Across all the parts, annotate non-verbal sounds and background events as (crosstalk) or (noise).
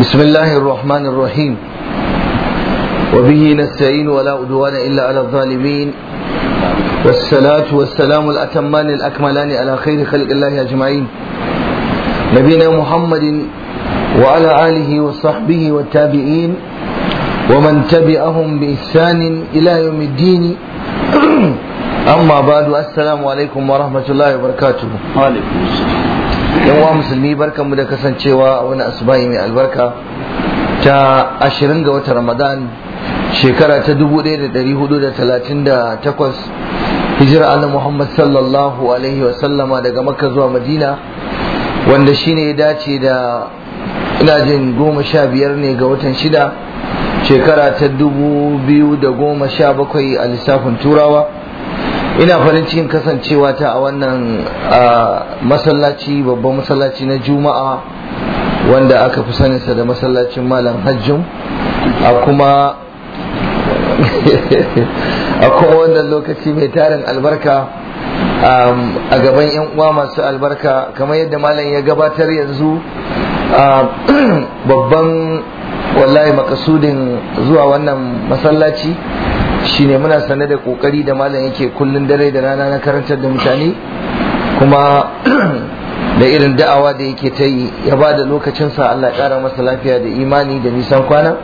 بسم الله الرحمن الرحيم وبه نستعين ولا أدوان إلا على الظالمين والصلاة والسلام الأتمان الأكملان على خير خلق الله أجمعين نبينا محمد وعلى آله وصحبه والتابعين ومن تبعهم بإحسان إلى يوم الدين أما بعد السلام عليكم ورحمة الله وبركاته وعليكم السلام yan wa musulmi mu da kasancewa a wani asubahi mai albarka ta ashirin ga wata ramadan shekara ta 1438 hijira ala muhammad sallallahu alaihi Wasallama daga makka zuwa madina wanda shi ya dace da ina jin goma sha biyar ne ga watan shida shekara ta 2017 a lissafin turawa ina farin cikin kasancewa ta a wannan masallaci babban masallaci na juma'a wanda aka fi saninsa da masallacin malam hajjum a kuma (laughs) a kuma wannan lokaci mai tarin albarka a gaban 'yan uwa masu albarka kamar yadda malam ya gabatar yanzu (clears throat) babban wallahi makasudin zuwa wannan masallaci shine muna sane da kokari da malam yake kullun dare da rana na karantar da mutane kuma (clears throat) da irin da'awa da yake ta yi ya ba da lokacinsa Allah kara masa lafiya da imani da nisan kwana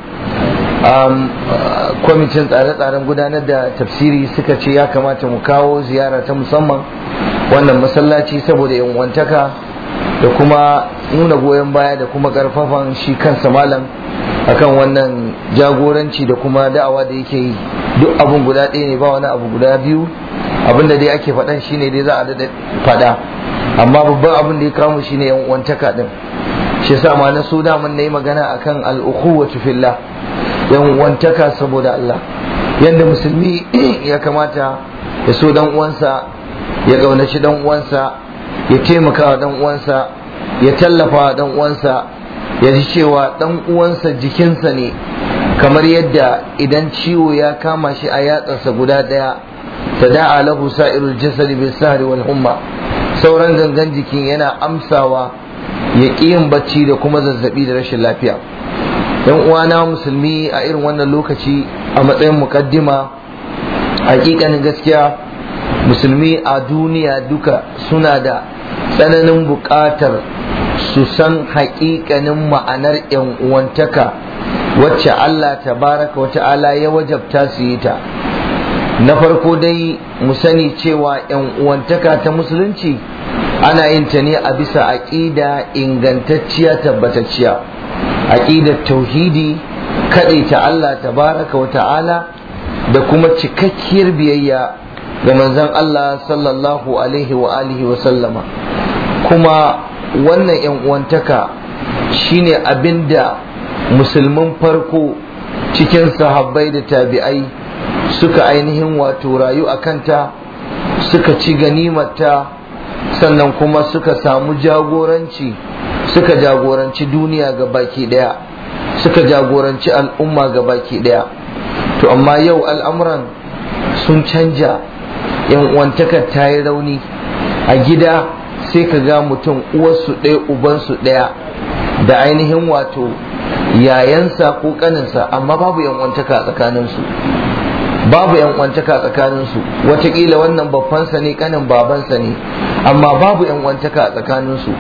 kwamitin tsare-tsaren gudanar da tafsiri suka ce ya kamata mu kawo ziyara ta musamman wannan masallaci saboda wantaka da kuma nuna goyon baya da kuma karfafan shi kansa malam akan wannan jagoranci da kuma da'awa da yake yi duk abun guda ɗaya ne ba wani abu guda biyu abin da dai ake faɗan shine dai za a daɗa faɗa amma babban abin da ya kamu shine yan uwantaka din shi yasa ma na so daman na yi magana akan al'ukhuwatu fillah yan uwantaka saboda Allah yanda musulmi (clears throat) ya kamata ya so dan uwansa ya kaunaci dan uwansa ya taimaka wa dan uwansa ya tallafa wa dan uwansa ya ji cewa ɗan uwansa jikinsa ne kamar yadda idan ciwo ya kama shi a yatsarsa guda ɗaya da'a lahu sa'irul jasadi bi sahri wal humma sauran gangan jikin yana amsawa ya yin bacci da kuma zazzabi da rashin lafiya yan uwana musulmi a irin wannan lokaci a matsayin mukaddima hakikanin gaskiya musulmi a duniya duka suna da tsananin buƙatar su san haƙiƙanin ma'anar yan uwantaka wacce Allah tabaraka wata ala ya wajabta su yi ta na farko dai mu sani cewa yan uwantaka ta musulunci ana yin ta ne a bisa aƙida ingantacciya tabbatacciya aƙidar tauhidi kaɗe ta Allah tabaraka wata ala da kuma cikakkiyar biyayya ga manzon Allah sallallahu alaihi wa alihi wa sallama kuma wannan yan uwantaka shine abinda musulman farko cikin sahabbai da tabi'ai suka ainihin wato rayu a kanta suka ci ganimata sannan kuma suka samu jagoranci suka jagoranci duniya ga baki daya suka jagoranci al'umma ga baki daya to amma yau al'amuran sun canja yan uwantakar ta yi rauni a gida sai ka ga mutum uwarsu ɗaya ubansu ɗaya da ainihin wato yayansa ko ƙaninsa amma babu yanwantaka tsakaninsu babu a tsakaninsu watakila wannan babbansa ne kanin babansa ne amma babu a tsakaninsu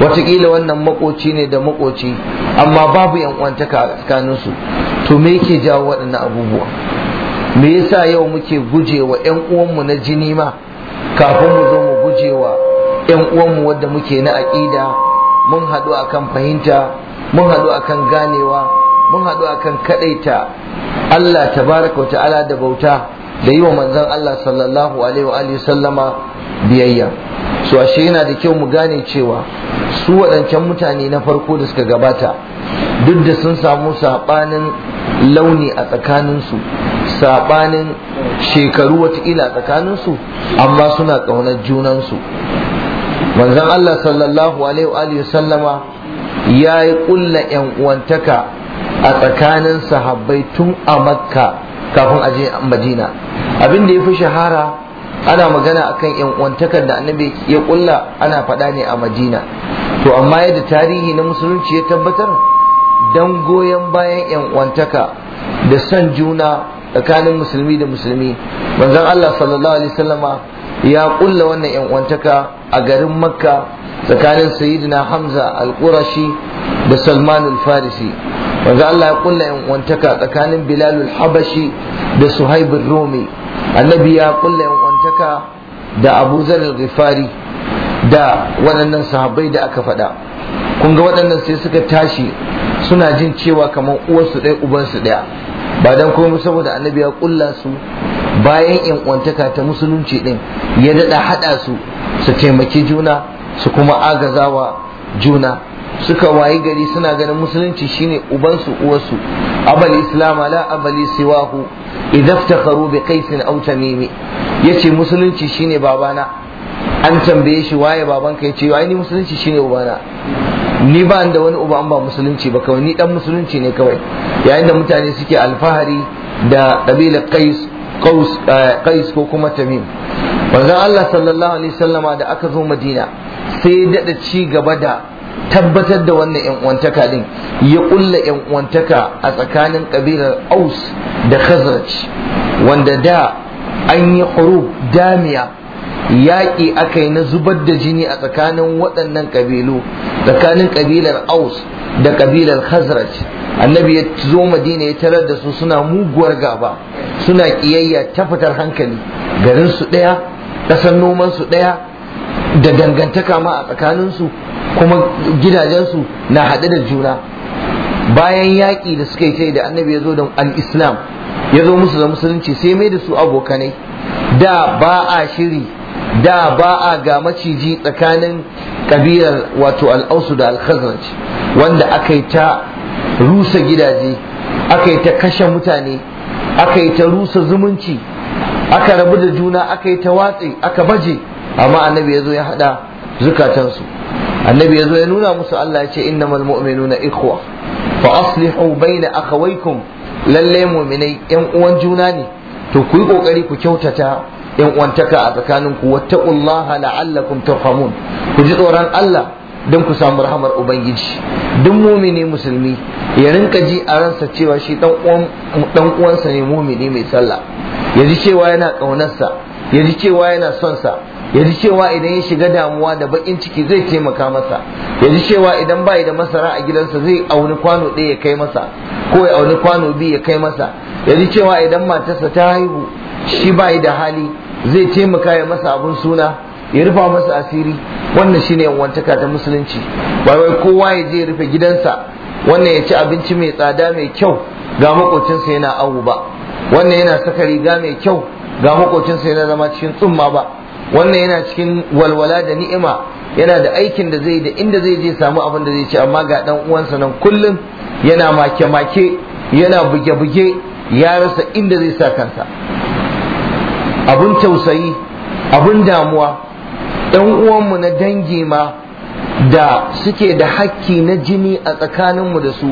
watakila wannan makoci ne da makoci amma babu a tsakaninsu to me yake jawo waɗannan abubuwa me yasa yau muke gujewa yan uwanmu na jini ma kafin mu zo mu gujewa yan uwanmu wadda muke na aƙida mun haɗu a kan fahimta mun haɗu a kan ganewa mun haɗu a kan kaɗaita Allah Ta tabaraka ta'ala da bauta da yi wa manzon Allah sallallahu alaihi wa sallama biyayya Su ashe yana da kyau mu gane cewa su waɗancan mutane na farko da suka gabata duk da sun samu saɓanin launi a tsakaninsu saɓanin shekaru watakila a tsakaninsu amma suna ƙaunar junansu manzon Allah sallallahu alaihi wa sallama ya yi kulla yan uwantaka a tsakanin sahabbai tun a makka kafin a je madina abin da ya fi shahara ana magana akan yan uwantakar da annabi ya kulla ana faɗa ne a madina to amma yadda tarihi na musulunci ya tabbatar don goyon bayan yan uwantaka da son juna tsakanin musulmi da musulmi manzon Allah sallallahu alaihi wasallama ya kulla wannan yan uwantaka a garin makka tsakanin sayyidina hamza al-qurashi da salman al-farisi wanda Allah ya kulla yan uwantaka tsakanin bilal al-habashi da suhaib al-rumi annabi ya kulla yan uwantaka da abu zar al-ghifari da waɗannan sahabbai da aka faɗa kun ga waɗannan sai suka tashi suna jin cewa kamar uwarsu ɗaya ubansu ɗaya ba dan kuma saboda annabi ya kulla su bayan kwantaka ta musulunci din ya daɗa haɗa su su taimaki juna su kuma agazawa juna suka wayi gari suna ganin musulunci shine ubansu uwarsu abal islam ala abali siwahu idza iftakharu bi qaisin aw tamimi yace musulunci shine babana an tambaye shi waye babanka yace ai ni musulunci shine ubana ni ba da wani uba an ba musulunci ba kawai ni dan musulunci ne kawai yayin da mutane suke alfahari da kabilar qais Kais, eh, ko kuma tamim manzon Allah sallallahu alaihi Sallama da aka zo madina sai ya daɗa ci gaba da tabbatar da wannan yan uwantaka din ya kulla yan uwantaka a tsakanin kabilar aus da khazraj wanda da an yi hurub damiya yaƙi aka yi na zubar da jini a tsakanin waɗannan ƙabilu tsakanin ƙabilar aus da ƙabilar khazraj annabi ya zo madina ya tarar da su suna muguwar gaba suna kiyayya ta fitar hankali garin su ɗaya ƙasar noman su ɗaya da dangantaka ma a tsakaninsu kuma gidajensu na haɗe da juna bayan yaƙi da suka yi ta da annabi ya zo da al-islam ya zo musu da musulunci sai mai da su abokanai da ba a shiri da ba a ga maciji tsakanin kabilar wato al'ausu da al wanda aka yi ta rusa gidaje aka yi ta kashe mutane aka yi ta rusa zumunci aka rabu da juna aka yi ta watsi aka baje amma annabi ya zo ya haɗa zukatansu annabi ya zo ya nuna musu Allah ya ce innamal mu'minuna ikhwa fa aslihu baina akhawaykum lallai mu'minai yan uwan juna ne to ku yi kokari ku kyautata yan uwantaka a tsakaninku wattaqullaha la'allakum turhamun ku ji tsoron Allah don ku samu rahamar ubangiji duk mumini musulmi ya rinka ji a ransa cewa shi dan uwansa ne mumini mai sallah ya ji cewa yana ƙaunarsa ya ji cewa yana son sa ya ji cewa idan ya shiga damuwa da bakin ciki zai taimaka masa ya ji cewa idan bai da masara a gidansa zai auni kwano ɗaya ya kai masa ko ya auni kwano biyu ya kai masa ya ji cewa idan matarsa ta haihu shi bai da hali zai taimaka ya masa abun suna ya rufa masa asiri wannan shine wantaka ta musulunci ba wai kowa ya je rufe gidansa wannan ya ci abinci mai tsada mai kyau ga makocinsa yana awu ba wannan yana saka riga mai kyau ga makocinsa yana zama cikin tsumma ba wannan yana cikin walwala da ni'ima yana da aikin da zai da inda zai je samu abin da zai ci amma ga dan uwansa nan kullum yana make-make yana buge-buge ya rasa inda zai sa kansa abun tausayi abun damuwa ɗan uwanmu na dangi ma da suke da hakki na jini a tsakaninmu da su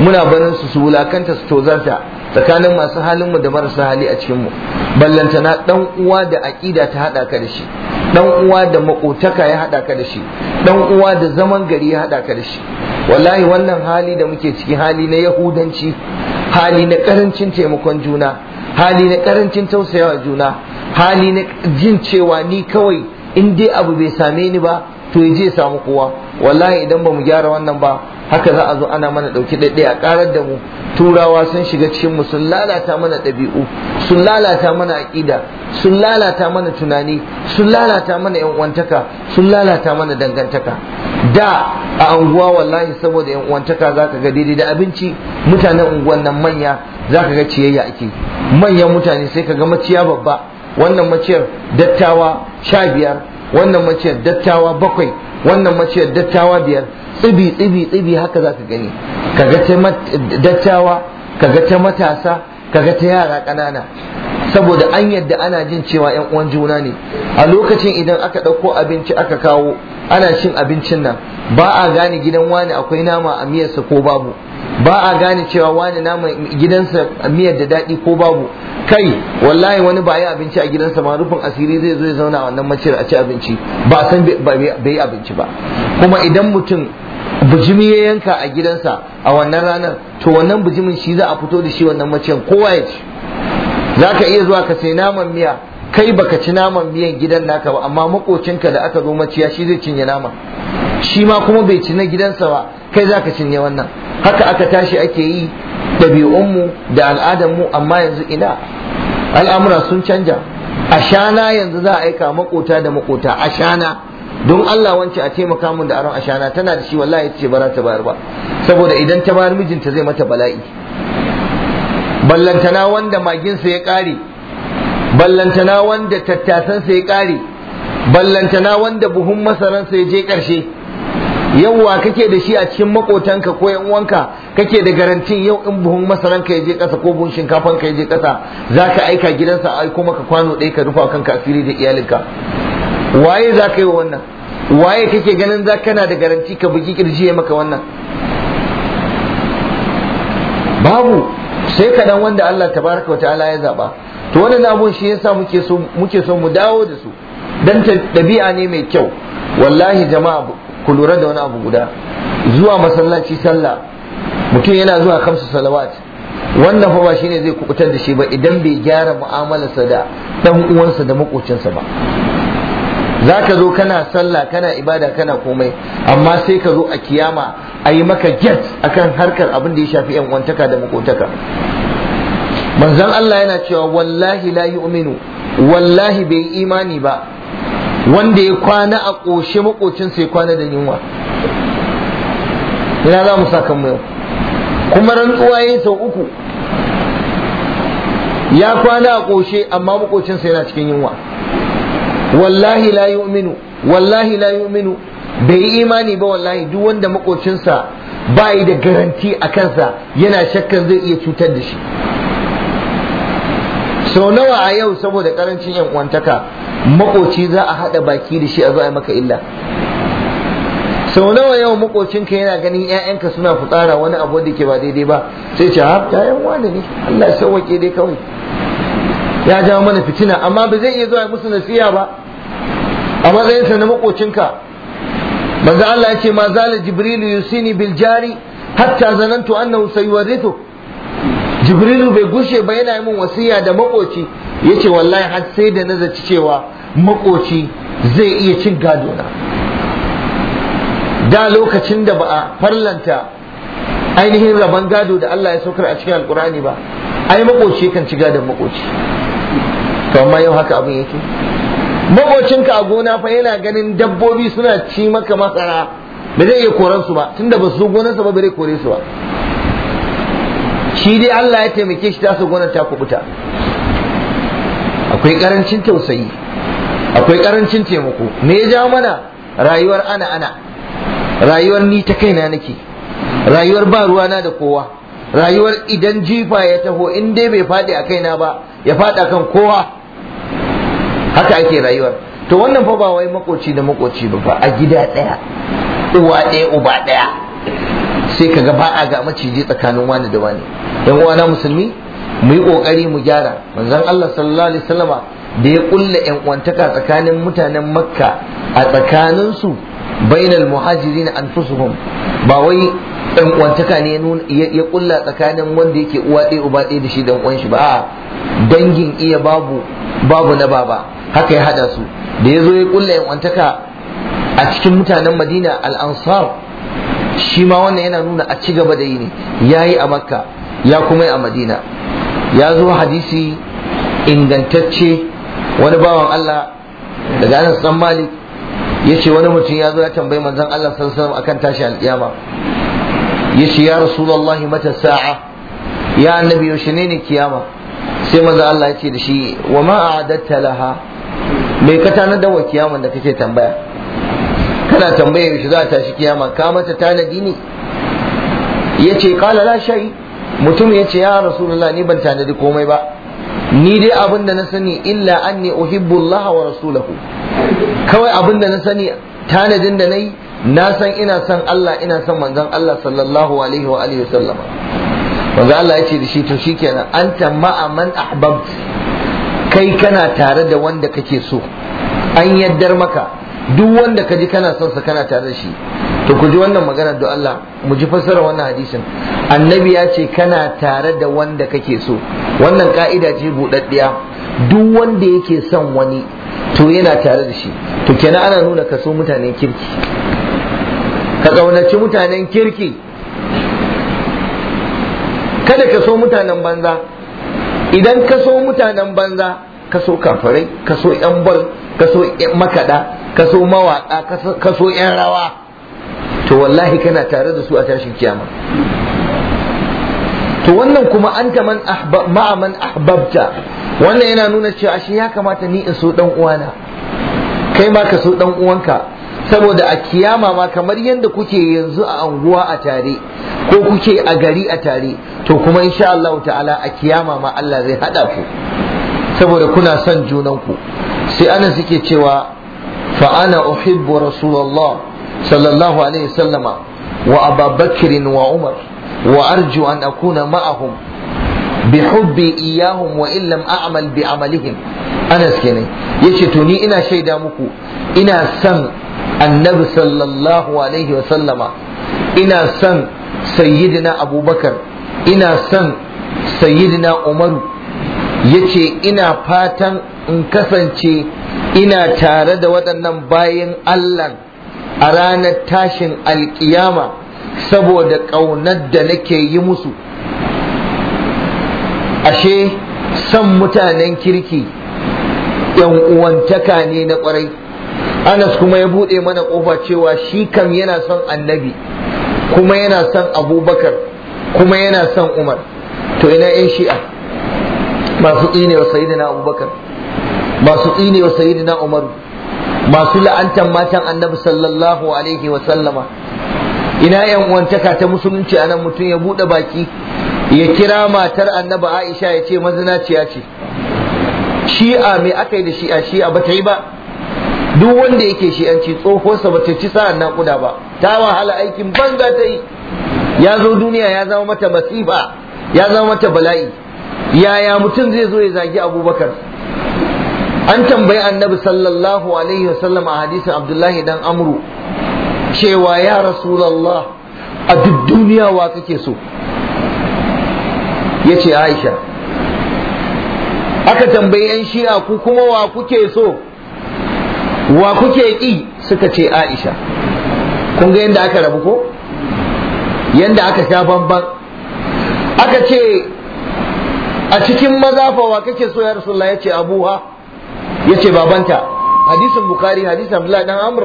muna barin su su wulakanta su tozarta tsakanin masu halinmu da marasa hali a cikinmu ballantana ɗan uwa da aƙida ta haɗa ka da shi ɗan uwa da makotaka ya haɗa ka da shi ɗan uwa da zaman gari ya haɗa ka da shi wallahi wannan hali da muke ciki hali na yahudanci hali na ƙarancin taimakon juna hali na ƙarancin tausayawa juna hali na jin cewa ni kawai in dai abu bai same ni ba to ya je samu kowa wallahi idan ba mu gyara wannan ba haka za a zo ana mana ɗauki ɗaiɗai a karar da mu turawa sun shiga cikin mu sun lalata mana ɗabi'u sun lalata mana aƙida sun lalata mana tunani sun lalata mana yan uwantaka sun lalata mana dangantaka da a anguwa wallahi saboda yan uwantaka zaka ga daidai da abinci mutanen unguwan nan manya zaka ga ciyayya ake manyan mutane sai ka ga maciya babba wannan maciyar dattawa sha biyar wannan maciyar dattawa bakwai wannan maciyar dattawa biyar tsibi tsibi tsibi haka za ka gani kaga ta dattawa kaga ta matasa kaga ta yara ƙanana saboda an yadda ana jin cewa yan uwan juna ne a lokacin idan aka ɗauko abinci aka kawo ana shin abincin nan ba a gane gidan wani akwai nama a miyarsa ko babu ba a gane cewa wani nama gidansa miyar da daɗi ko babu kai wallahi wani ba yi abinci a gidansa ma rufin asiri zai zo ya zauna a wannan maciyar a ci abinci ba san bai yi abinci ba kuma idan mutum bijimi ya yanka a gidansa a wannan ranar to wannan bijimin shi za a fito da shi wannan maciyar kowa ya ci za ka iya zuwa ka sai naman miya kai baka ci naman miyan gidan naka ba amma makocinka da aka zo maciya shi zai cinye naman shi ma kuma bai ci na gidansa ba kai za ka cinye wannan haka aka tashi ake yi ɗabi'unmu da al'adarmu amma yanzu ina al'amura sun canja ashana yanzu za a aika makota da makota ashana don Allah wance a taimaka mun da aron ashana tana da shi wallahi ce ba za bayar ba saboda idan ta bayar mijinta zai mata bala'i ballantana wanda maginsa ya ƙare ballantana wanda tattasansa ya kare, ballantana wanda buhun masaransa ya je ƙarshe yawwa kake da shi a cikin makotanka ko yan uwanka kake da garantin yau in buhun masaranka ka je kasa ko buhun shinkafan ka je kasa zaka aika gidansa ai aiko maka kwano ɗaya ka rufa kanka asiri da iyalinka waye zaka yi wannan waye kake ganin za kana da garanti ka bugi kirji ya maka wannan babu sai kaɗan wanda Allah tabaraka wa ta'ala ya zaba to wannan abun shi yasa muke so muke so mu dawo da su dan ɗabi'a ne mai kyau wallahi jama'a ku lura da wani abu guda zuwa masallaci sallah mutum yana zuwa kamsa salawat wannan fa ba ne zai kubutar da shi ba idan bai gyara mu'amalarsa da ɗan uwansa da makocinsa ba za ka zo kana sallah kana ibada kana komai amma sai ka zo a kiyama a yi maka jet akan harkar abin da ya shafi yan wantaka da makotaka manzon Allah yana cewa wallahi la uminu, wallahi bai imani ba wanda ya kwana a ƙoshe makocinsa ya kwana da yunwa ina za mu sa kan yau kuma rantsuwa ya sau uku ya kwana a ƙoshe amma sai yana cikin yunwa wallahi la yu'minu wallahi la yu'minu bai yi imani ba wallahi duk wanda makocinsa ba yi da garanti a kansa yana shakkan zai iya cutar da shi sau nawa a yau saboda karancin yan uwantaka makoci za a haɗa baki da shi a zo a maka illa sau nawa yau makocinka yana ganin 'ya'yanka suna fitsara wani abu da ke ba daidai ba sai ce har ta yan wani ne Allah sauwake dai kawai ya jawo mana fitina amma ba zai iya zuwa musu nasiya ba a matsayinsa na makocinka manzo Allah ya ce ma la jibril yusini bil jari hatta zanantu annahu sayuwarithu jibrilu bai gushe ba yana yi min wasiya da makoci yace wallahi har sai da zaci cewa makoci zai iya cin gadona da lokacin da ba a farlanta ainihin rabon gado da Allah ya saukar a cikin alkurani ba ai makoci kan ci gadon makoci to yau haka abin yake makocinka a gona fa yana ganin dabbobi suna ci maka masara ba zai iya koran su ba tunda ba su gonarsa ba bai kore su ba shi dai Allah ya taimake shi ta su gonar ta kubuta akwai karancin tausayi akwai karancin taimako me ya ja mana rayuwar ana ana rayuwar ni ta kaina nake rayuwar ba ruwa na da kowa rayuwar idan jifa ya taho in dai bai faɗi a kaina ba ya faɗa kan kowa haka ake rayuwar to wannan fa ba wai makoci da makoci ba fa a gida ɗaya uwa ɗaya uba ɗaya sai kaga ba a ga maciji tsakanin wani da wani yan uwana musulmi mu yi kokari mu gyara manzon Allah sallallahu alaihi wasallama da ya kulla yan uwantaka tsakanin mutanen makka a tsakaninsu bainal muhajirin anfusuhum ba wai yan uwantaka ne ya kulla tsakanin wanda yake uwa ɗaya uba ɗaya da shi dan uwan shi ba a dangin iya babu babu na baba haka ya hada su da ya zo ya kulla yan uwantaka a cikin mutanen madina al-ansar shi ma wannan yana nuna a ci gaba da yi ne ya yi a makka ya kuma yi a madina ya zo hadisi ingantacce wani bawan Allah daga Anas san Malik yace wani mutum ya zo ya tambayi manzon Allah sallallahu alaihi wasallam akan tashi alkiyama yace ya rasulullahi mata sa'a ya annabi yaushe ne ne kiyama sai manzon Allah yace da shi wa ma a'adatta laha me ka da wa kiyama da kake tambaya kana tambaya yaushe za ta tashi kiyama ka mata tanadi ne yace kala la shay mutum yace ya rasulullahi ni ban tanadi komai ba ni dai abin da na sani illa anni uhibbu Allah wa rasulahu kawai abin da na sani tanadin da nayi na san ina san Allah ina san manzon Allah sallallahu alaihi wa alihi wasallama Allah ya ce da shi to shikenan anta ma'a man ahbabt kai kana tare da wanda kake so an yaddar maka duk wanda ka ji kana son sa kana tare da shi to ku ji wannan magana da Allah mu ji fassara wannan hadisin annabi ya ce kana tare da wanda kake so wannan ka'ida ce budaddiya duk wanda yake son wani to yana tare da shi to kenan ana nuna ka so mutanen kirki ka kaunaci mutanen kirki kada ka so mutanen banza idan ka so mutanen banza ka so kafirai ka so yan bar ka so makada ka so mawaka ka so yan rawa to wallahi kana tare da su a tashin kiyama to wannan kuma anta man ma'a man ahbabta wannan yana nuna cewa ashe ya kamata ni in so dan uwana kai ma ka so dan uwanka saboda a kiyama ma kamar yadda kuke yanzu a anguwa a tare ko kuke a gari a tare to kuma insha Allah ta'ala a kiyama ma Allah zai hada ku saboda kuna son junanku sai ana suke cewa fa ana uhibbu rasulullah sallallahu alaihi wasallama wa ababakr wa umar wa arju an akuna ma'ahum bi hubbi iyahum wa in lam a'mal bi amalihim anas kenan yace to ni ina shaida muku ina san annabi sallallahu alaihi wasallama ina san sayyidina abubakar ina san sayyidina umaru yace ina fatan in kasance ina tare da waɗannan bayan allah a ranar tashin alkiyama saboda ƙaunar da nake yi musu ashe son mutanen kirki yan uwantaka ne na ƙwarai anas kuma ya buɗe mana ƙofa cewa shi kam yana son annabi kuma yana son abubakar kuma yana son umar to ina yan shi'a masu tsine wa sayidina abubakar masu tsine wa sayidina umaru masu la'antar matan annabi sallallahu alaihi wa sallama ina yan uwantaka ta musulunci a nan mutum ya buɗe baki ya kira matar annabi Aisha ya ce mazinaciya ce shi'a mai aka yi da shi'a shi'a bata yi ba duk wanda yake shi'anci tsohonsa ta ci sa'an naƙuda ba ta wahala aikin banza ta yi ya zo duniya ya zama mata masifa ya zama mata bala'i yaya mutum zai zo ya zagi abubakar an tambayi annabi sallallahu alaihi wasallam a hadisin abdullahi dan amru cewa ya rasulallah a duk duniya wa kake so ya ce aisha aka tambayi yan shi'a ku kuma wa kuke so wa kuke ƙi suka ce aisha kun ga yadda aka rabu ko yadda aka sha bamban aka ce a cikin wa kake so ya rasulallah ya ce abuwa yace babanta hadisin bukhari hadisin abdullahi dan amr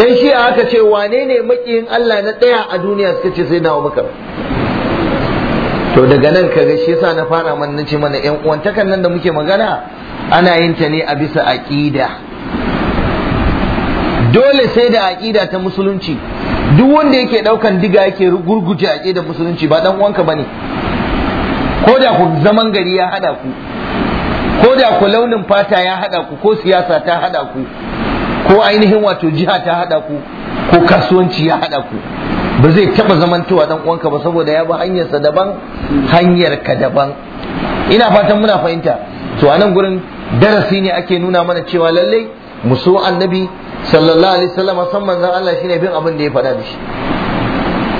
yan shi'a aka ce wane ne makiyin Allah na ɗaya a duniya suka ce sai na Abubakar to daga nan kaga shi yasa na fara man nace mana yan uwan nan da muke magana ana yin ta ne a bisa aqida dole sai da aqida ta musulunci duk wanda yake daukan diga yake gurguje aqida musulunci ba dan uwanka bane ko da ku zaman gari ya hada ku ko da ku launin fata ya haɗa ku ko siyasa ta haɗa ku ko ainihin wato jiha ta haɗa ku ko kasuwanci ya haɗa ku ba zai taɓa zamantowa dan uwanka ba saboda ya bi hanyarsa daban hanyar ka daban ina fatan muna fahimta to a nan gurin darasi ne ake nuna mana cewa lallai musu annabi sallallahu alaihi wasallam san manzon Allah shine bin abin da ya faɗa da shi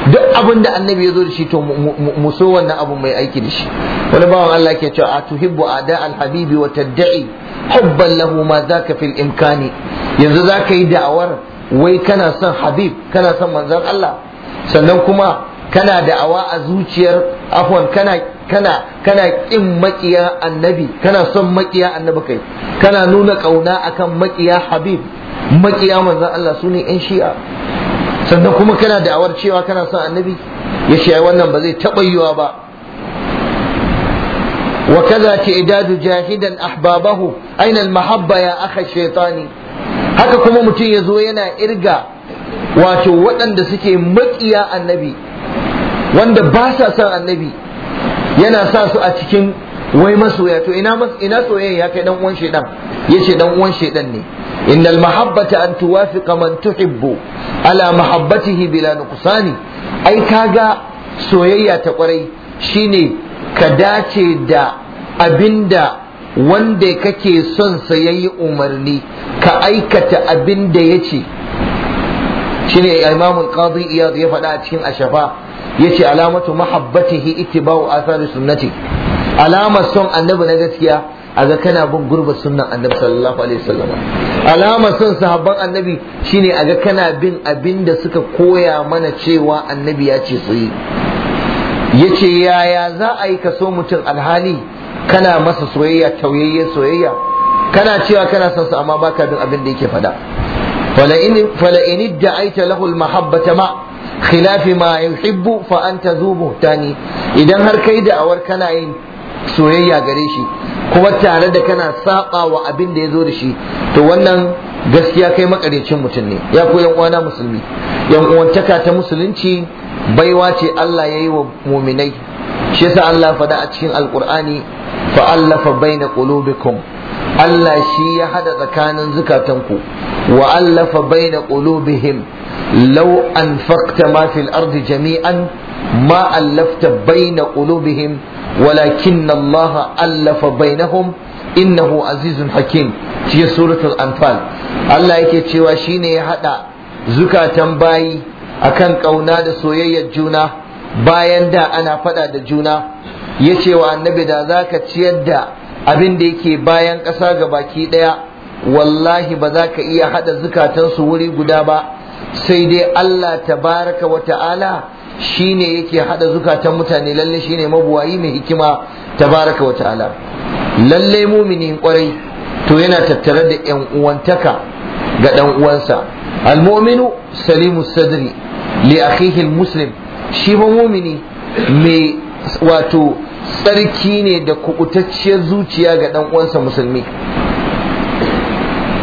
duk abin da annabi ya zo da shi to mu so wannan abu mai aiki da shi wani bawan Allah ke cewa a tuhibbu ada alhabibi habibi wa tadda'i hubban lahu ma zaka fil imkani yanzu zaka yi da'awar wai kana son habib kana son manzon Allah sannan kuma kana da'awa a zuciyar afwan kana kana kana kin makiya annabi kana son makiya annabi kai kana nuna kauna akan makiya habib makiya manzon Allah sune yan shi'a sannan kuma kana da'awar cewa kana son annabi ya ce ai wannan ba zai taɓa yiwa ba wa kaza ta idadu jahidan ahbabahu aina almahabba ya aka shaitani haka kuma mutum ya zo yana irga wato waɗanda suke matsiya annabi wanda ba sa son annabi yana sa su a cikin wai masoya to ina soyayya ya kai dan uwan shedan yace dan uwan shedan ne إن المحبة أن توافق من تحب على محبته بلا نقصان أي كاغا سويا تقري شيني كداتي دا أبندا wanda kake son sa yayi umarni ka aikata abinda da ya ce shine Imam Al-Qadi Iyad ya faɗa a cikin Ashafa yace alamatu mahabbatihi ittiba'u athari sunnati alamar son annabi na gaskiya Aga kana bin gurba sunnan annabi sallallahu alaihi wasallam alamar son sahabban annabi shine aga kana bin abin da suka koya mana cewa annabi ya ce su yi yace yaya za a yi ka so mutum alhali kana masa soyayya tauyayye soyayya kana cewa kana son sa amma baka bin abin da yake faɗa فلئن ادعيت ma khilafi مع خلاف ما يحب Tani, idan har kai da awar kana yin. soyayya gare shi kuma tare da kana saba wa abin da ya zo da shi to wannan gaskiya kai makarecin mutum ne ya ku yan uwana musulmi yan uwantaka ta musulunci baiwa ce Allah ya yi wa muminai shi yasa Allah fada a cikin alkur'ani fa allafa baina qulubikum Allah shi ya hada tsakanin zukatanku wa allafa baina qulubihim law anfaqta ma fil ardi jami'an ma allafta baina qulubihim walakin الله allafa bainahum innahu azizun hakim في suratul anfal Allah yake cewa shine ya باي zukatan bayi akan kauna da soyayyar juna bayan da ana fada da juna ya ce wa annabi da zaka ciyar da abin da yake bayan ƙasa ga baki ɗaya wallahi ba za ka iya hada zukatansu wuri guda ba sai dai Allah tabaraka wa ta'ala shine yake hada zukatan mutane lalle shine mabuwayi mai hikima tabaraka wa ta'ala lalle mumini kwarai to yana tattare da yan uwantaka ga dan uwansa almu'minu salimu sadri li akhihi almuslim shi ba mumini mai wato tsarki ne da kubutacciyar zuciya ga dan uwansa musulmi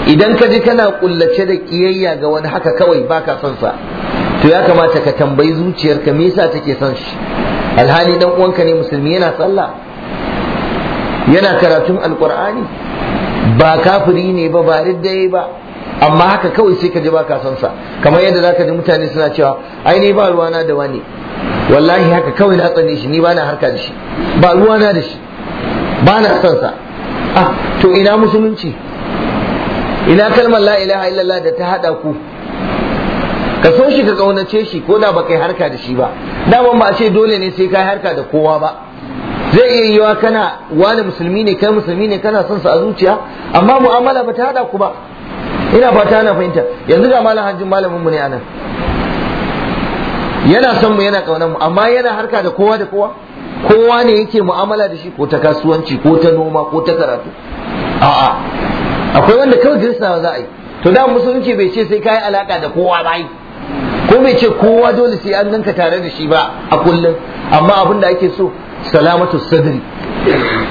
idan ka ji kana kullace da kiyayya ga wani haka kawai baka son sa to ya kamata ka tambayi zuciyarka me yasa take son shi alhali dan uwanka ne musulmi yana sallah yana karatun alqur'ani ba kafiri ne ba ba yayi ba amma haka kawai sai ka ji baka son sa kamar yadda zaka ji mutane suna cewa ai ne ba ruwana da wani wallahi haka kawai na tsane shi ni ba na harka da shi ba ruwana da shi ba na son sa ah to ina musulunci ina kalmar la ilaha illallah da ta hada ku ka so shi ka kaunace shi ko da baka yi harka da shi ba daman ba a ce dole ne sai ka yi harka da kowa ba zai iya yiwa kana wani musulmi ne kai musulmi ne kana son sa a zuciya amma mu'amala ba ta hada ku ba ina fata na fahimta yanzu ga malam hajjin malamin mu ne anan yana son mu yana kaunar mu amma yana harka da kowa da kowa kowa ne yake mu'amala da shi ko ta kasuwanci ko ta noma ko ta karatu a'a akwai wanda kawai girsawa za a yi to da musulunci bai ce sai ka yi alaka da kowa ba yi ko bai ce kowa dole sai an ganka tare da shi ba a kullum amma abin da ake so salamatu sadri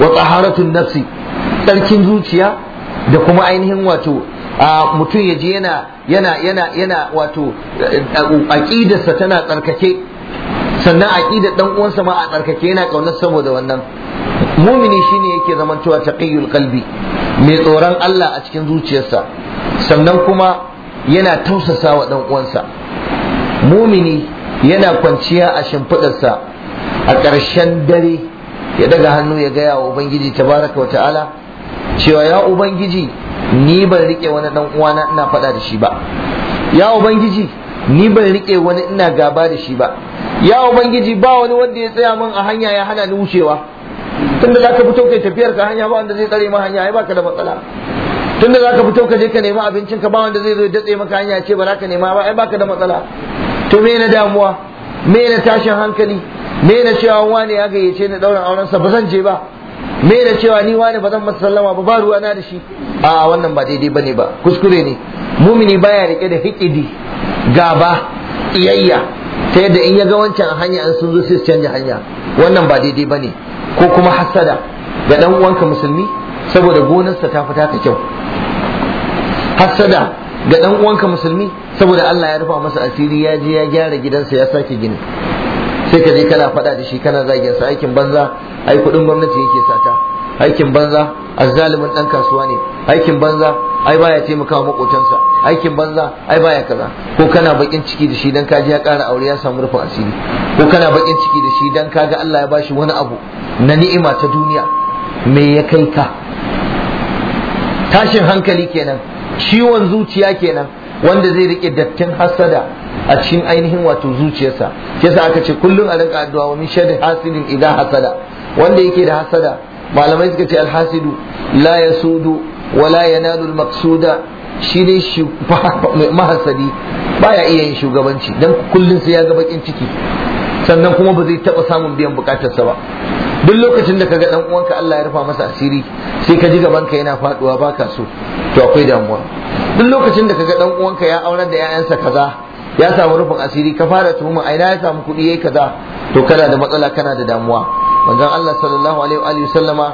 wa taharatun nafsi tsarkin zuciya da kuma ainihin wato mutum ya je yana yana yana yana wato aqidarsa tana tsarkake sannan aqidar dan uwansa ma a tsarkake yana kaunar saboda wannan mumini shine yake zamantawa taqiyul qalbi mai tsoron Allah a cikin zuciyarsa sannan kuma yana tausasa wa dan uwansa mumini yana kwanciya a shimfiɗarsa a ƙarshen dare ya daga hannu ya gaya wa ubangiji tabaraka wa ta'ala cewa ya ubangiji ni ban rike wani dan uwana ina faɗa da shi ba ya ubangiji ni ban rike wani ina gaba da shi ba ya ubangiji ba wani wanda ya tsaya min a hanya ya hana ni wucewa tunda zaka fito kai tafiyar ka hanya ba wanda zai tsare ma hanya ai baka da matsala tunda zaka fito ka je ka nemi abincin ka ba wanda zai zo ya datse maka hanya ce ba za ka nema ba ai baka da matsala to me na damuwa me na tashin hankali me na cewa wane ya gayyace ni ɗaurin aurensa ba zan je ba me na cewa ni wane ba zan masa sallama ba ba na da shi a wannan ba daidai bane ba kuskure ne mumini baya rike da hikidi gaba iyayya ta yadda in ya ga wancan hanya an sun zo sai su canja hanya wannan ba daidai bane ko kuma hassada ga dan uwanka musulmi saboda gonarsa ta fita ta kyau hassada ga dan uwanka musulmi saboda Allah ya rufa masa asiri ya je ya gyara gidansa ya sake gini sai ka je kana faɗa da shi kana zagin sa aikin banza ai kuɗin gwamnati yake sata aikin banza azzalimin dan kasuwa ne aikin banza ai baya taimakawa makotansa aikin banza ai baya kaza ko kana bakin ciki da shi dan ka je ya ƙara aure ya samu rufin asiri ko kana bakin ciki da shi dan kaga Allah ya bashi wani abu na ni'ima ta duniya me ya kai ka tashin hankali kenan ciwon zuciya kenan wanda zai rike dattin hasada a cikin ainihin wato zuciyarsa kisa aka ce kullum a rinka addu'a wa min sharri hasidin idan hasada wanda yake da hasada malamai suka ce alhasidu la yasudu wa la yanalu almaqsuda shi dai (laughs) mahasadi baya iya yin shugabanci dan kullum sai ya ga bakin ciki sannan kuma ba zai taba samun biyan bukatarsa ba duk lokacin da kaga dan uwanka Allah ya rufa masa asiri sai ka ji gaban ka yana faduwa baka so to akwai damuwa duk lokacin da kaga dan uwanka ya aurar da 'ya'yansa kaza ya samu rufin asiri ka fara tuhuma a ina ya samu kuɗi yayi kaza to kana da matsala kana da damuwa manzon Allah sallallahu alaihi wa sallama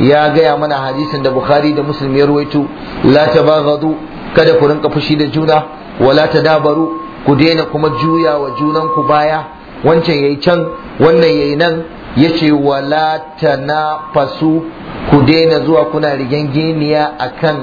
ya gaya mana hadisin da Bukhari da Muslim ya ruwaito la tabaghadu kada ku rinka fushi da juna wala tadabaru ku daina kuma juya wa junanku baya wancan yayi can wannan yayi nan Ya yace wala fasu ku daina zuwa kuna a kan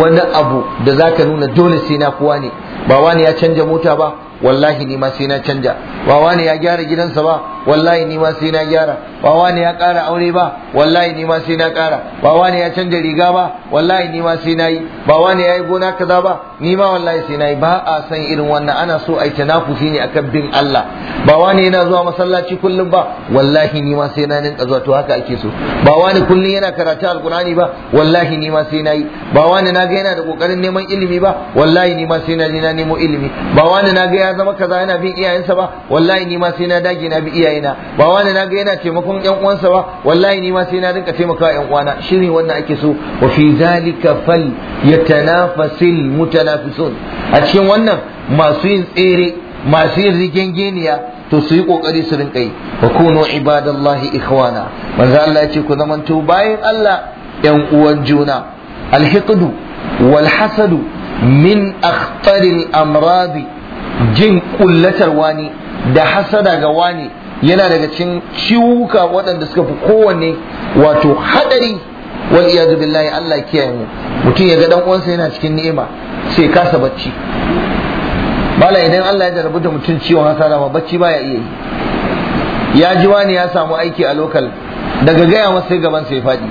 wani abu da za ka nuna dole sai na kuwa ne ba wani ya canja mota ba wallahi ni ma sai na canja ba wani ya gyara gidansa ba wallahi ni ma sai na gyara ba wani ya ƙara aure ba wallahi ni ma sai na ƙara ba wani ya canja riga ba wallahi ni ma sai na yi ba wani ya yi gona kaza ba ni ma wallahi sai na yi ba a san irin wannan ana so a yi tanafusi ne akan bin Allah ba wani yana zuwa masallaci kullum ba wallahi ni ma sai na ninka zuwa to haka ake so ba wani kullum yana karatu alqurani ba wallahi ni ma sai na yi ba wani na ga yana da kokarin neman ilimi ba wallahi ni ma sai na je na nemo ilimi ba wani na ga ya zama kaza yana bin iyayensa ba wallahi ni ma sai na dage na bi iyayena ba wani na ga yana taimakon yan uwansa ba wallahi ni ma sai na dinka taimakawa yan uwana shirin wannan ake so wa fi zalika fal yatanafasil mutanafisun a cikin wannan masu yin tsere masu yin rigengeniya to su yi kokari su rinka yi wa kunu ibadallahi ikhwana manzo Allah ya ce ku zamanto bayan Allah yan uwan juna alhiqdu wal hassadu min akhtaril amradi jin kullatar wani da hasada ga wani yana daga cikin ciwuka waɗanda suka fi kowanne wato hadari wal iyadu billahi Allah kiyaye mu mutum ya ga dan uwansa yana cikin ni'ima sai kasa bacci bala idan Allah ya jarabu da mutum ciwon hasada ma bacci baya iya yi ya ji wani ya samu aiki a lokal daga gaya masa sai gaban sai fadi.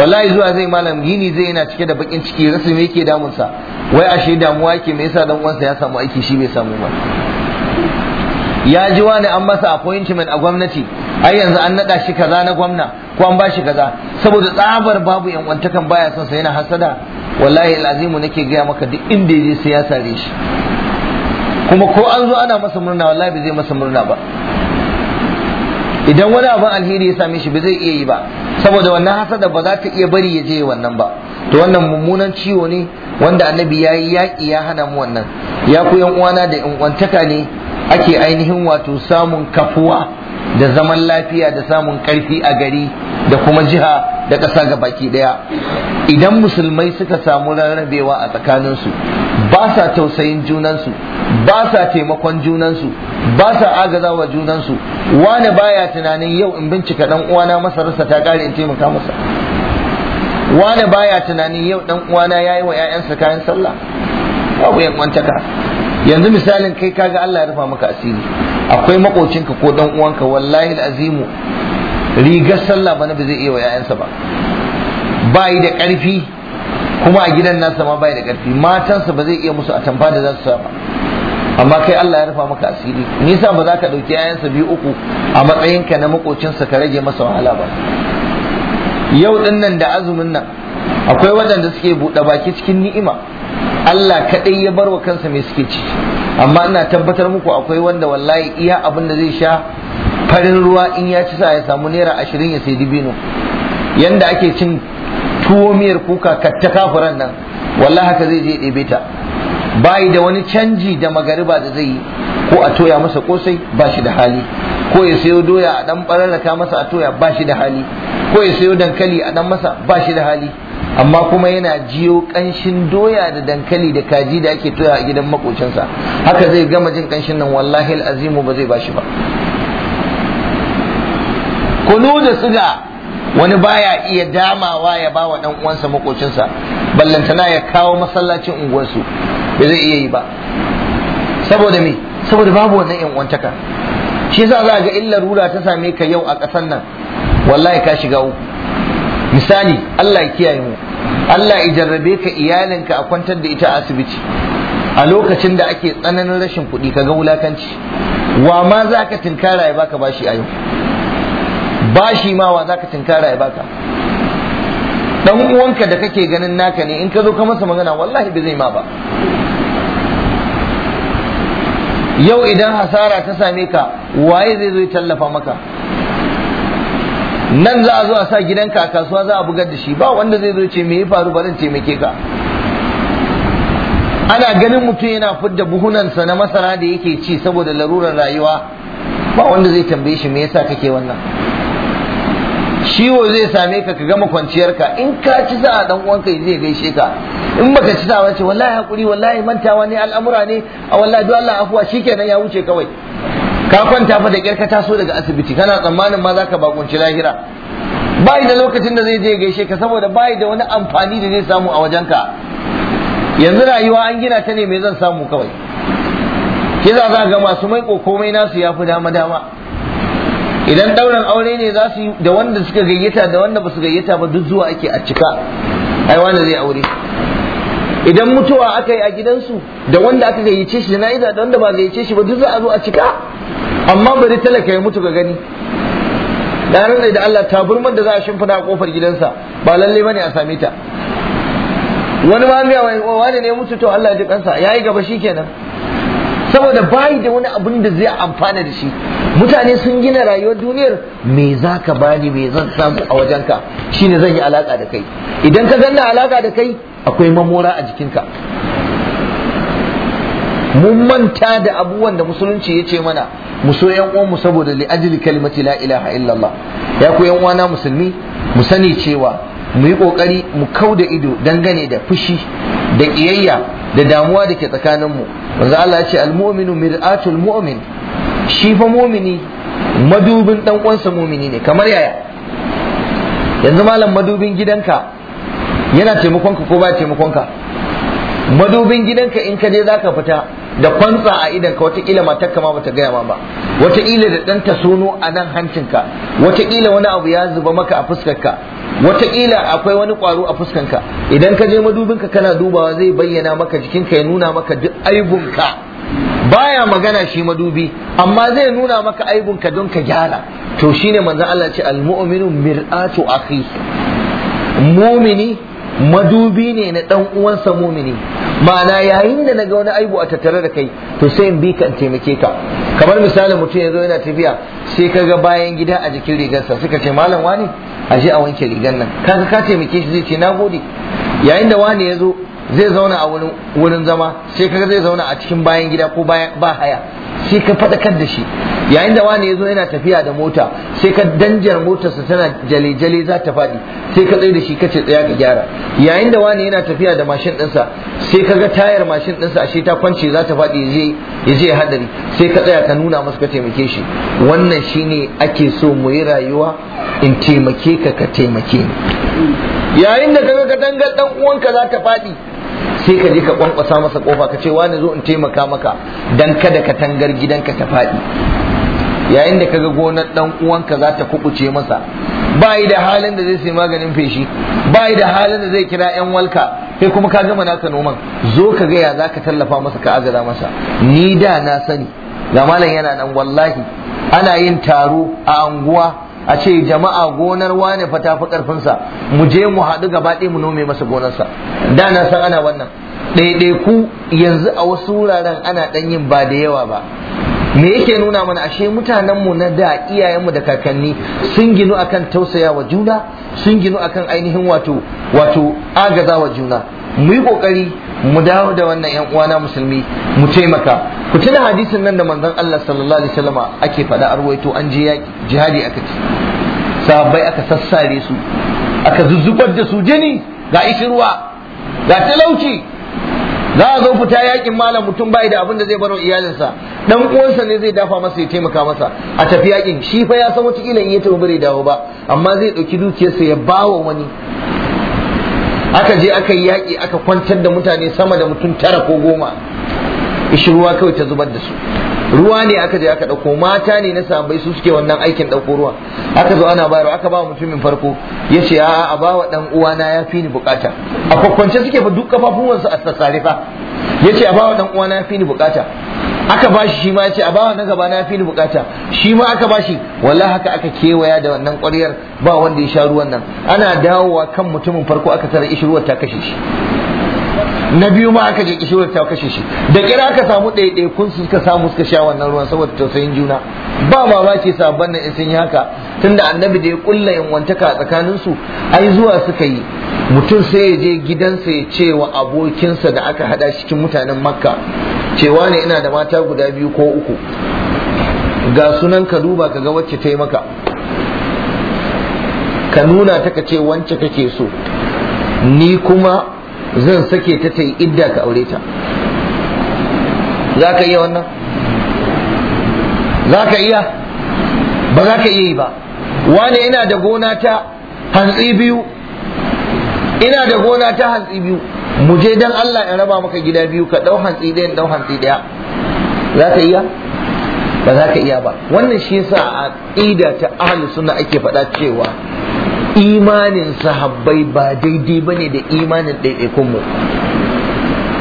wallahi zuwa zai malam gini zai yana cike da bakin ciki rasu me yake damunsa wai ashe damuwa yake me yasa dan uwansa ya samu aiki shi bai samu ba ya ji wani an masa appointment a gwamnati ai yanzu an nada shi kaza na gwamna ko an bashi kaza saboda tsabar babu yan wantakan baya son sa yana hasada wallahi alazimu nake gaya maka duk inda yaje sai ya sare shi kuma ko an zo ana masa murna wallahi bai zai masa murna ba idan wani abin alheri ya same shi ba zai iya yi ba saboda wannan hasada ba za ta iya bari ya je wannan ba to wannan mummunan ciwo ne wanda annabi ya yi yaƙi ya hana mu wannan ya ku yan uwana da yan uwantaka ne ake ainihin wato samun kafuwa da zaman lafiya da samun karfi a gari da kuma jiha da ƙasa ga baki ɗaya idan musulmai suka samu rarrabewa a tsakaninsu ba sa tausayin junansu ba sa taimakon junansu ba sa agazawa junansu wani baya tunanin yau in bincika dan uwana masararsa ta kare in taimaka masa wani baya tunanin yau dan uwana yayi wa ƴaƴansa kayan sallah babu yan kwantaka yanzu misalin kai kaga Allah ya rufa maka asiri akwai makocinka ko dan uwanka wallahi alazimu rigar sallah bana ba zai iya wa ƴaƴansa ba bai da ƙarfi kuma a gidan nasa ma bai da ƙarfi matansa ba zai iya musu a atamfa da za su ba amma kai Allah ya rufa maka asiri nisa ba za ka ɗauki 'ya'yansa biyu uku a matsayinka na makocinsa ka rage masa wahala ba yau din nan da azumin nan akwai waɗanda suke buɗe baki cikin ni'ima Allah kaɗai ya bar wa kansa mai suke ci amma ina tabbatar muku akwai wanda wallahi iya abin da zai sha farin ruwa in ya ci sa ya samu naira ashirin ya sai dibino yanda ake cin tuwo miyar kuka katta kafuran nan wallahi haka zai je ɗebe ta bayi da wani canji da magariba da zai yi ko a toya masa kosai ba shi da hali ko ya sayo doya a dan bararraka masa a toya ba shi da hali ko ya sayo dankali a dan masa ba shi da hali amma kuma yana jiyo kanshin doya da dankali da kaji da ake toya a gidan makocinsa haka zai gama jin kanshin nan wallahi azimu ba zai ba shi ba kunu da suga wani baya iya damawa ya ba wa dan uwansa makocinsa ballantana ya kawo masallacin unguwarsu ba zai iya yi ba saboda me saboda babu wannan yan uwantaka shi yasa za ga illar rura ta same ka yau a ƙasar nan wallahi ka shiga uku misali Allah ya kiyaye mu Allah ya jarrabe ka iyalinka a kwantar da ita asibiti a lokacin da ake tsananin rashin kuɗi ka ga wulakanci wa ma za ka tinkara ya baka bashi a yau bashi ma wa za ka tinkara ya baka dan uwanka da kake ganin naka ne in ka zo ka masa magana wallahi ba zai ma ba yau idan hasara ta same ka waye zai zo ya tallafa maka nan za a zo a sa gidanka a kasuwa za a bugar da shi ba wanda zai zo ce me ya faru ba barin taimake ka ana ganin mutum yana fidda buhunansa na masara da yake ci saboda larurar rayuwa ba wanda zai tambaye shi me yasa kake wannan ciwo zai same ka ka gama kwanciyarka in ka ci a dan uwanka zai gaishe ka in baka ci sa ce wallahi hakuri wallahi mantawa ne al'amura ne a wallahi duk Allah afuwa shikenan ya wuce kawai ka kwanta fa da kirka ka taso daga asibiti kana tsammanin ma zaka bakunci lahira bai da lokacin da zai je gaishe ka saboda bai da wani amfani da zai samu a wajenka yanzu rayuwa an gina ta ne me zan samu kawai kiza za ga masu mai komai nasu yafi fi dama dama idan ɗauran aure ne za su da wanda suka gayyata da wanda ba su gayyata ba duk zuwa ake a cika ai wanda zai aure idan mutuwa aka yi a gidansu da wanda aka gayyace shi jana'iza da wanda ba gayyace shi ba duk za a zo a cika amma bari talaka ya mutu ga gani da ran da Allah ta burmar da za a shimfida a kofar gidansa ba lalle bane a same ta wani ma mai wani ne mutu to Allah ya ji kansa yayi gaba shikenan saboda bayi da wani abin da zai amfana da shi mutane sun gina rayuwar duniyar me za ka bani me zan samu a wajenka ne zan yi alaka da kai idan ka ganna alaka da kai akwai mamora a jikinka mun manta da abubuwan da musulunci ya ce mana mu so yan mu saboda li ajli kalimati la ilaha illallah ya ku yan uwana musulmi mu sani cewa mu yi kokari mu kau da ido dangane da fushi da kiyayya da damuwa da ke tsakanin mu manzo Allah ya ce al-mu'minu mir'atul mu'min shi fa mu'mini madubin dan uwansa mu'mini ne kamar yaya yanzu malam madubin gidanka yana taimakon ka ko ba taimakon ka madubin gidanka in ka je zaka fita da kwantsa a idan ka kila matar kama bata gaya ma ba kila da ɗanta sono a nan hancinka wataƙila wani abu ya zuba maka a fuskarka wataƙila akwai wani kwaro a fuskanka idan ka je madubinka kana dubawa zai bayyana maka jikinka ya nuna maka duk aibunka baya magana shi madubi amma zai nuna maka aibunka don ka gyara to shine manzo Allah ce almu'minu mir'atu akhi mumini madubi ne na dan uwansa mumini ma'ana yayin da naga wani aibu a tattare da kai to sai in bi ka in taimake ka kamar misali mutum ya zo yana tafiya sai ka ga bayan gida a jikin rigarsa suka ce malam wani ashe a wanke rigar nan kaka ka taimake shi zai ce na gode yayin da wani ya zo zai zauna a wurin zama sai kaga zai zauna a cikin bayan gida ko ba haya sai ka faɗakar da shi yayin da wani ya zo yana tafiya da mota sai ka danjar motarsa tana jale-jale za ta faɗi sai ka tsaye da shi kace tsaya ka gyara yayin da wani yana tafiya da mashin ɗinsa sai ka ga tayar mashin ɗinsa ashe ta kwance za ta faɗi ya je haɗari. sai ka tsaya ka nuna masa ka taimake shi wannan shine ake so mu yi rayuwa in taimake ka ka taimake ni yayin da kaga ka dangar dan uwanka za ta faɗi sai ka je ka kwankwasa masa kofa ka ce wani zo in taimaka maka dan kada ka tangar gidanka ta faɗi yayin da kaga gonar dan uwanka za ta kubuce masa yi da halin da zai sai maganin feshi yi da halin da zai kira yan walka sai kuma ka gama naka noman zo ka gaya ya zaka tallafa masa ka agaza masa ni da na sani ga malam yana nan wallahi ana yin taro a anguwa a ce jama'a gonar wane fa tafi sa mu je mu haɗu gaba ɗaya mu nome masa gonarsa da na san ana wannan ɗaiɗaiku yanzu a wasu wuraren ana ɗan yin ba da yawa ba me yake nuna mana ashe mutanen mu na da iyayenmu da kakanni sun ginu akan tausaya wa juna sun ginu akan ainihin wato wato agaza wa juna mu yi ƙoƙari mu dawo da wannan yan uwana musulmi mu taimaka ku tuna hadisin nan da manzon Allah sallallahu alaihi wasallama ake faɗa arwaito an je jihadi aka ci sahabbai aka sassare su aka zuzzubar da su jini ga ishirwa ga talauci za a zo fita yakin malam mutum bai da abin da zai baro iyalinsa dan uwansa ne zai dafa masa ya taimaka masa a tafi yakin shi fa ya san wata kila in ya tafi bare dawo ba amma zai dauki dukiyarsa ya bawa wani aka je aka yi yaƙi aka kwantar da mutane sama da mutum tara ko goma ishi ruwa kawai ta zubar da su ruwa ne aka je aka ɗauko mata ne na sabai su suke wannan aikin ɗauko ruwa aka zo ana bayarwa aka ba mutumin farko ya ce a'a a ba wa ɗan uwana ya fi ni bukata a kwakwance suke fa duk kafafuwansu a sassare ya ce a ba wa ɗan uwana ya fi ni bukata aka bashi shi ma ya ce a bawa na gaba na fi bukata shi ma aka bashi wallahi haka aka kewaya da wannan kwaryar ba wanda ya sha ruwan nan ana dawowa kan mutumin farko aka tara ishiruwar ta kashe shi na biyu ma aka je kishiyar ta kashe shi da kira aka samu kun su suka samu suka sha wannan ruwan saboda tausayin juna ba mamaki sabon nan sun yi haka tunda annabi da ya kulla yanwantaka a su ai zuwa suka yi mutum sai ya je gidansa ya ce wa abokinsa da aka hada shi cikin mutanen makka cewa ne ina da mata guda biyu ko uku ga sunan ka duba ka ga wacce ta yi maka ka nuna ta ka ce wance kake so ni kuma zan sake ta ta yi idda ka aure ta za ka iya wannan za ka iya ba za ka iya yi ba wane ina da gona ta hantsi biyu ina da gona ta hantsi biyu mu je dan Allah in raba maka gida biyu ka dau hantsi ɗaya dau hantsi ɗaya za ka iya ba za ka iya ba wannan shi yasa a ƙida ta ahli sunna ake faɗa cewa imanin sahabbai ba daidai ba ne da imanin ɗaiɗaikunmu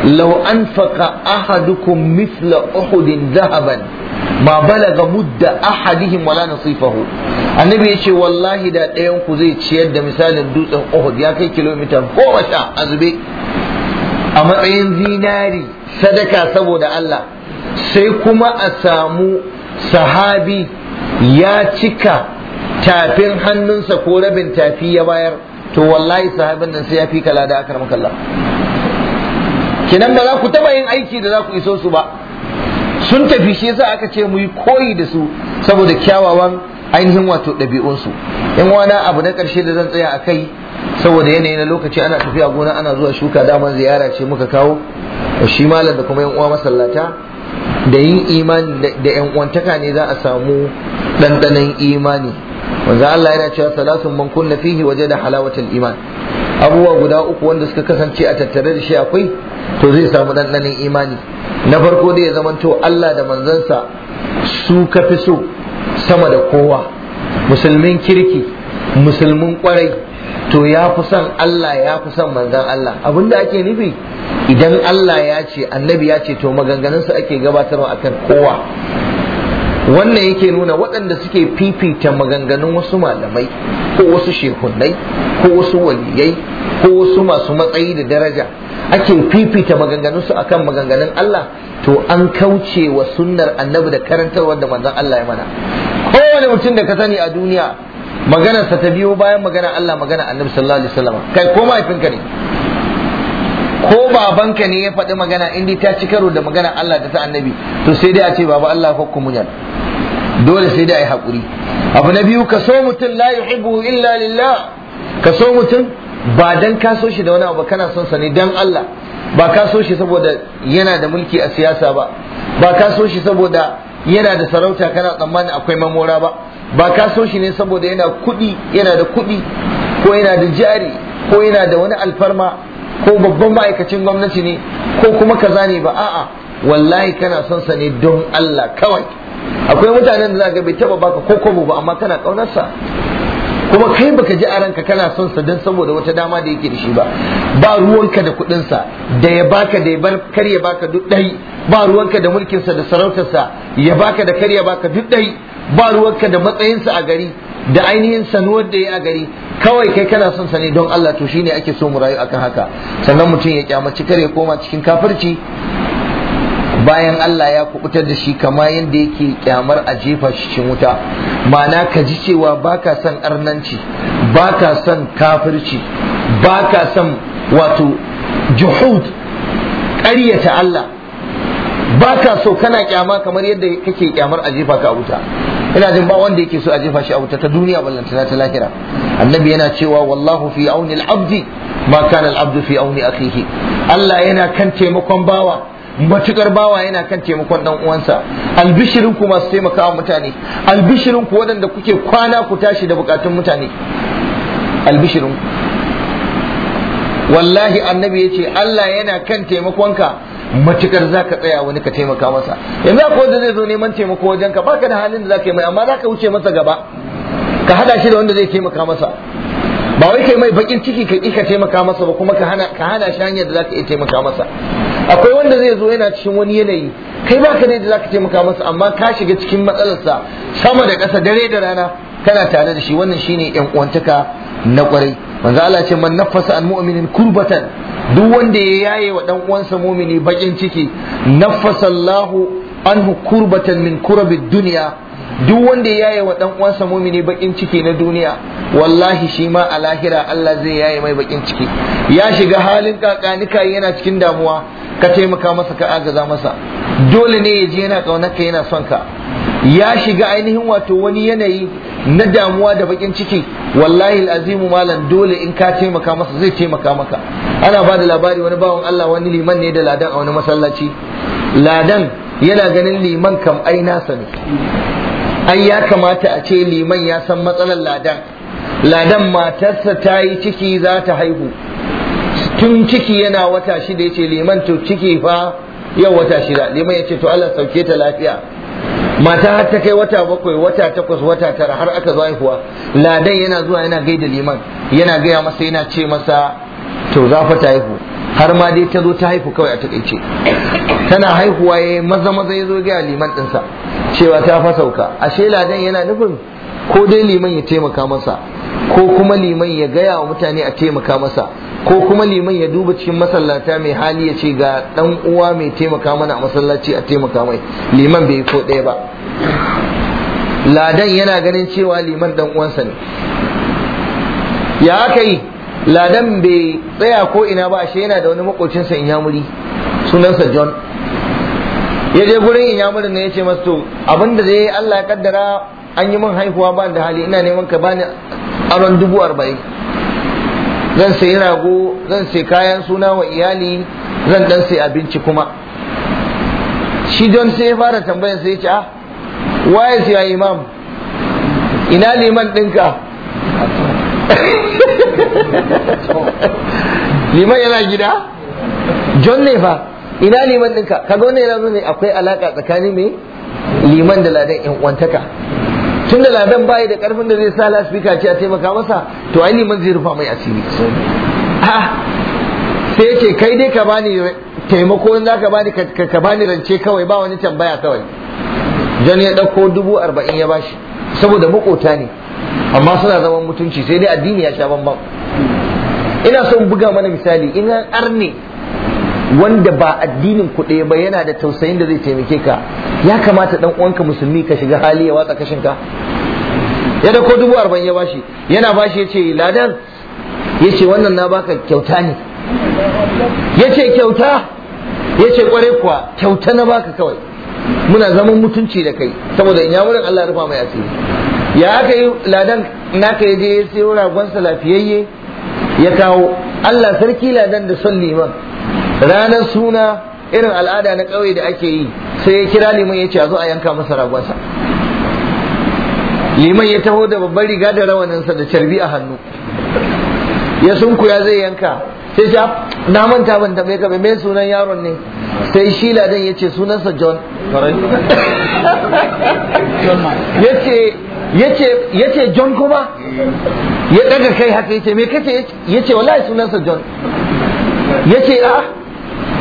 لو أنفق ahadukum mithla uhudin ذهبا ma balaga mudda ahadihim wala nasifahu Annabi yace wallahi wallahi ɗayan ku zai ciyar da misalin dutsen Uhud ya kai kilomita goma sha a a matsayin zinari sadaka saboda Allah sai kuma a samu sahabi ya cika tafin hannunsa ko rabin tafi ya bayar to wallahi sahabin nan sai ya fi kala da akar makalla kinan ba za ku taba yin aiki da za ku iso su ba sun tafi shi yasa aka ce mu yi koyi da su saboda kyawawan ainihin wato ɗabi'unsu in wani abu na ƙarshe da zan tsaya a kai saboda yanayi na lokaci ana tafiya gona ana zuwa shuka daman ziyara ce muka kawo shi malam da kuma yan uwa masallata da yin imani da yan uwantaka ne za a samu ɗanɗanon imani manzo Allah yana cewa salatun man kunna fihi wajada halawatul iman abubuwa guda uku wanda suka kasance a tattare da shi akwai to zai samu dandanin imani na farko dai ya zamanto Allah da manzansa su kafi so sama da kowa musulmin kirki musulmin kwarai to ya fi son Allah ya fi son manzan Allah abinda ake nufi idan Allah ya ce annabi ya ce to maganganunsa ake gabatarwa akan kowa wannan yake nuna waɗanda suke fifita maganganun wasu malamai ko wasu shekunai ko wasu waliyai ko wasu masu matsayi da daraja ake fifita maganganunsu akan maganganun Allah to an kauce wa sunnar annabi da karantarwa da manzon Allah ya mana kowane mutum da ka sani a duniya maganarsa ta biyo bayan magana Allah magana annabi sallallahu alaihi wasallam kai ko mahaifinka ne ko babanka ne ya faɗi magana in ta ci karo da magana Allah ta ta annabi to sai dai a ce baba Allah ko kumujan dole sai dai a yi haƙuri abu na biyu ka so mutum la yuhibbu illa lillah ka so mutum ba dan ka so shi da wani abu kana son sa ne dan Allah ba ka so shi saboda yana da mulki a siyasa ba ba ka so shi saboda yana da sarauta kana tsammanin akwai mamora ba ba ka so shi ne saboda yana kuɗi yana da kuɗi ko yana da jari ko yana da wani alfarma ko babban ma'aikacin gwamnati ne ko kuma kaza ne ba a'a wallahi kana son sa ne don Allah kawai akwai mutanen da zaka bai taba baka ko kobo ba amma kana sa kuma kai baka ji a ranka kana son sa don saboda wata dama da yake da shi ba ba ruwanka da kudin sa da ya baka da ya bar kar ya baka duk dai ba ruwanka da mulkin sa da sarautar sa ya baka da kar ya baka duk dai ba ruwanka da matsayin sa a gari da ainihin sanuwar da ya a gari kawai kai kana son sani, don Allah to shine ake so mu rayu akan haka sannan mutum ya kyamaci kare ya koma cikin kafirci bayan Allah ya kubutar da shi kama yadda yake kyamar a jefa shi cikin wuta ma'ana ka ji cewa baka son arnanci baka son kafirci baka son wato juhud ƙaryata Allah ba ka so kana kyama kamar yadda kake kyamar a jefa ka a wuta ina jin ba wanda yake so a jefa shi a wuta ta duniya ballantana ta lahira annabi yana cewa wallahu fi auni al-abdi ma kana al-abdu fi auni akhihi Allah yana kan taimakon bawa matukar bawa yana kan taimakon dan uwansa albishirin ku masu taimakawa mutane albishirin ku waɗanda kuke kwana ku tashi da bukatun mutane albishirin wallahi annabi yace Allah yana kan taimakonka matukar za ka tsaya wani ka taimaka masa yanzu akwai wanda zai zo neman taimako wajen ka baka da halin da za ka yi mai amma za ka wuce masa gaba ka hada shi da wanda zai taimaka masa ba wai kai mai bakin ciki ka ƙi ka taimaka masa ba kuma ka hana shi hanyar da za ka iya taimaka masa akwai wanda zai zo yana cikin wani yanayi kai baka ne da za ka taimaka masa amma ka shiga cikin matsalarsa sama da ƙasa dare da rana kana tare da shi wannan shine yan uwantaka na kwarai manzo Allah ce man nafasa al mu'minin kurbatan duk wanda ya yaye wa dan uwansa mumini bakin ciki nafasallahu anhu kurbatan min kurabid dunya duk wanda ya yaye wa dan uwansa mumini bakin ciki na duniya wallahi shi ma a lahira Allah zai yaye mai bakin ciki ya shiga halin kakanika yana cikin damuwa ka taimaka masa ka agaza masa dole ne ya je yana kaunar yana son ka ya shiga ainihin wato wani yanayi na damuwa da bakin ciki wallahi azimu malam dole in ka taimaka masa zai taimaka maka ana ba da labari wani bawan Allah wani liman ne da ladan a wani masallaci ladan yana ganin liman kam ai nasa ne ai ya kamata a ce liman ya san matsalar ladan ladan matarsa ta yi ciki za ta haihu tun ciki yana wata shida ya ce liman to ciki fa yau wata shida liman ya ce to Allah sauke ta lafiya mata har ta kai wata bakwai wata takwas wata tara har aka zo haihuwa ladan yana zuwa yana gaida liman yana gaya masa yana ce masa to za fa ta haihu har ma dai ta zo ta haihu kawai a takaice tana haihuwa ya maza maza ya zo gaya liman ɗinsa cewa ta fa sauka ashe ladan yana nufin ko dai liman ya taimaka masa ko kuma liman ya gaya wa mutane a taimaka masa ko kuma liman ya duba cikin masallata mai hali ya ce ga dan uwa mai taimaka mana a masallaci a taimaka mai liman bai ko ɗaya ba ladan yana ganin cewa liman dan uwansa ne ya aka yi ladan bai tsaya ko ina ba ashe yana da wani makocinsa in yamuri sunansa john ya je gurin in ne ya ce masa to abinda da Allah ya kaddara an yi min haihuwa ba da hali ina neman ka bani aron dubu arba'in zan sayi rago zan sayi kayan suna wa iyali zan dan sayi abinci kuma shi don sai ya fara tambayar sai ya ce ah waye su ya imam ina liman ɗinka (laughs) liman yana gida john ne fa ina liman ɗinka kaga wannan yana nuna akwai alaka tsakanin me liman da ladan yan uwantaka tun da ladan bayi da karfin da zai sa laspika ce a taimaka masa to ai liman zai rufa mai asiri ah, sai ce kai dai ka bani taimako in zaka bani ka bani rance kawai ba wani tambaya kawai jan ya ɗauko dubu arba'in ya bashi saboda makota ne amma suna zaman mutunci sai dai addini ya sha bambam ina son buga mana misali in an arne wanda ba addinin ku ba yana da tausayin da zai taimake ka ya kamata dan uwanka musulmi ka shiga hali ya watsa kashin ka ya da ko dubu arba'in ya bashi yana bashi ya ce ladan ya wannan na baka kyauta ne ya ce kyauta ya ce kwarai kuwa kyauta na baka kawai muna zaman mutunci da kai saboda in ya wurin Allah rufa mai asiri ya aka yi ladan naka ya je ya sayo ragonsa lafiyayye ya kawo Allah sarki ladan da son liman ranar suna irin al'ada na ƙauye da ake yi sai ya kira liman ya ce a zo a yanka masa ragonsa liman ya taho da babbar riga da rawaninsa da carbi a hannu ya sunkuya zai yanka sai ce ah, na manta ban tambaye ka me sunan yaron ne sai shi ladan ya ce sunansa john (laughs) ya ce john kuma ya daga kai haka ya ce me kace ya ce wallahi sunansa john ya ce a ah,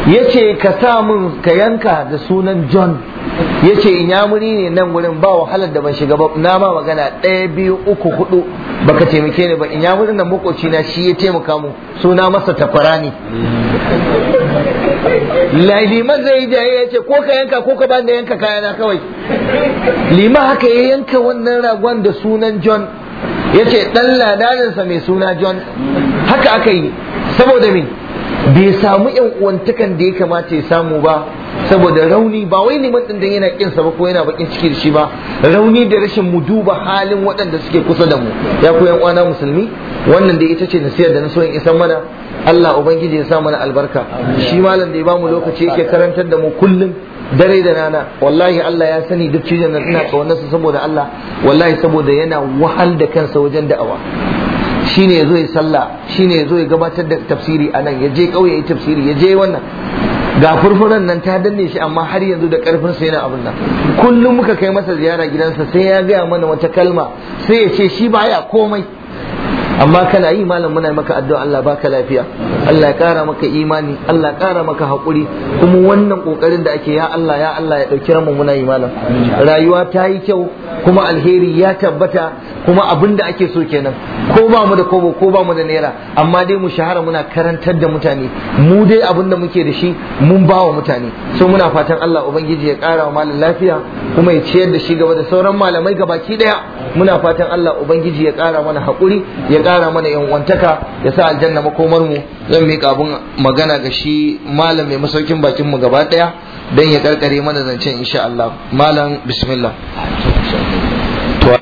ya ce ka sa min ka yanka da sunan john ya ce ne nan wurin ba wahalar da ban shiga ba na ma magana ɗaya biyu uku hudu baka taimake ni ba in inyamuri nan makoci na shi ya taimaka mu suna masa tafara ne liman zai yi jaye ya ce ko ka yanka ko ka bani da yanka kayana kawai liman haka ya yanka wannan ragon da sunan john ya ce ɗan ladarinsa mai suna john haka aka yi saboda min bai samu yan uwantakan da ya kamata ya samu ba saboda rauni ba wai liman din dan yana kinsa ba ko yana bakin ciki da shi ba rauni da rashin mu duba halin waɗanda suke kusa da mu ya ku yan uwana musulmi wannan da ita ce nasiyar da na so in isan mana Allah ubangiji ya sa mana albarka shi malam da ya bamu lokaci yake karantar da mu kullum dare da rana wallahi Allah ya sani duk cijin da ina kaunarsa saboda Allah wallahi saboda yana wahal da kansa wajen da'awa shine yazo ya sallah ne zo yi gabatar da tafsiri anan ya je kauye ya tafsiri ya je wannan ga furfuran nan ta danne shi amma har yanzu da karfin sa yana abin nan kullum muka kai masa ziyara gidansa sai ya gaya mana wata kalma sai ya ce shi baya komai amma kana yi malam muna maka addu'a Allah baka lafiya Allah ya kara maka imani Allah ya kara maka hakuri kuma wannan kokarin da ake ya Allah ya Allah ya dauki ranmu muna yi malam rayuwa ta yi kyau kuma alheri ya tabbata kuma abin da ake so kenan ko ba mu da kobo ko ba mu da naira amma dai mu shahara muna karantar da mutane mu dai abin da muke da shi mun ba wa mutane so muna fatan Allah ubangiji ya kara wa malam lafiya kuma ya ciyar da shi gaba da sauran malamai gabaki daya muna fatan Allah ubangiji ya kara mana hakuri ya kara mana yan wantaka ya sa aljanna makomar mu zan miƙa abun magana ga shi malam mai masaukin bakin mu gaba ɗaya don ya karkare mana zancen insha Allah malam bismillah